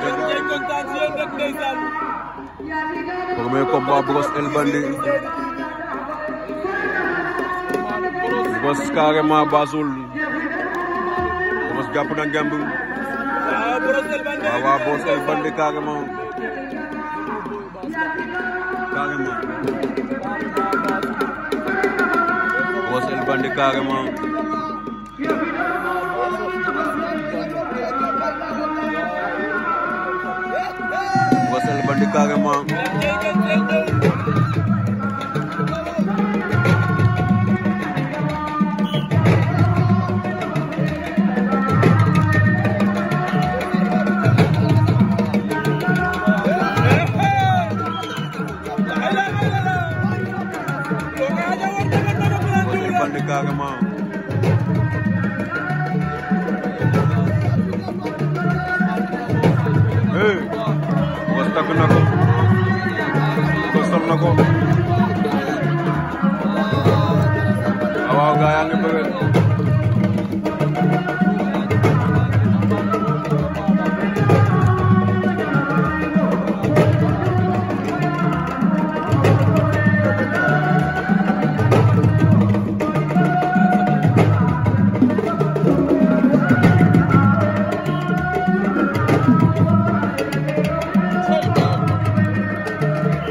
Premier combat Bross El Bandit Bross carrément Basoul Bross jàpp na ngemb waaw waaw Bross El Bandit carrément carrément Bross El Bandit carrément Gargamon. Hey! tapi nako kosol nako awa gayang ibe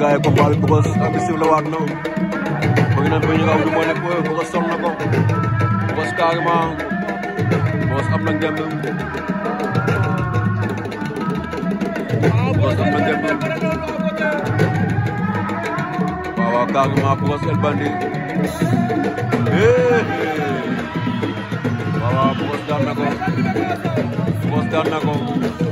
gars yi combat bi Pogos am na sifflé waat na bëgg na bu ñu aw du moo nekk Pogos sol na ko Pogos carrément Pogos am na ngemb Pogos am na ngemb waaw waaw carrément Pogos El Bandit eh, eh. waaw waaw Pogos daan na ko Pogos daan na ko